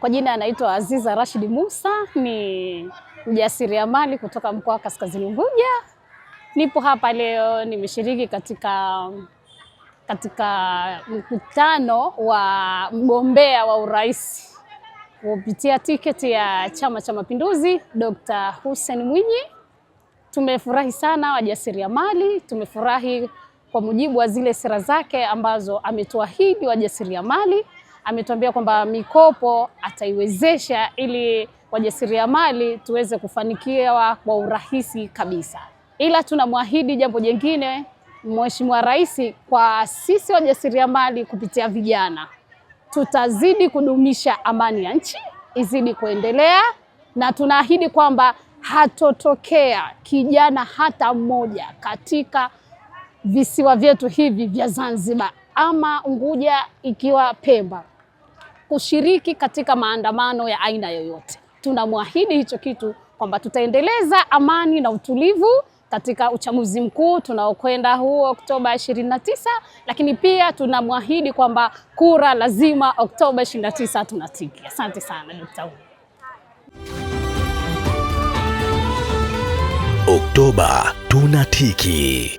Kwa jina anaitwa Aziza Rashid Musa, ni mjasiriamali kutoka mkoa wa Kaskazini Unguja. Nipo hapa leo, nimeshiriki katika katika mkutano wa mgombea wa urais kupitia tiketi ya Chama cha Mapinduzi, Dr. Hussein Mwinyi. Tumefurahi sana wajasiriamali, tumefurahi kwa mujibu wa zile sera zake ambazo ametuahidi wajasiriamali ametuambia kwamba mikopo ataiwezesha ili wajasiriamali tuweze kufanikiwa kwa urahisi kabisa, ila tunamwahidi jambo jingine Mheshimiwa Rais, kwa sisi wajasiriamali kupitia vijana, tutazidi kudumisha amani ya nchi izidi kuendelea, na tunaahidi kwamba hatotokea kijana hata mmoja katika visiwa vyetu hivi vya Zanzibar ama Unguja ikiwa Pemba kushiriki katika maandamano ya aina yoyote. Tunamwahidi hicho kitu kwamba tutaendeleza amani na utulivu katika uchaguzi mkuu tunaokwenda huo Oktoba 29, lakini pia tunamwahidi kwamba kura lazima Oktoba 29 tunatiki. Asante sana Dkt. Oktoba tunatiki.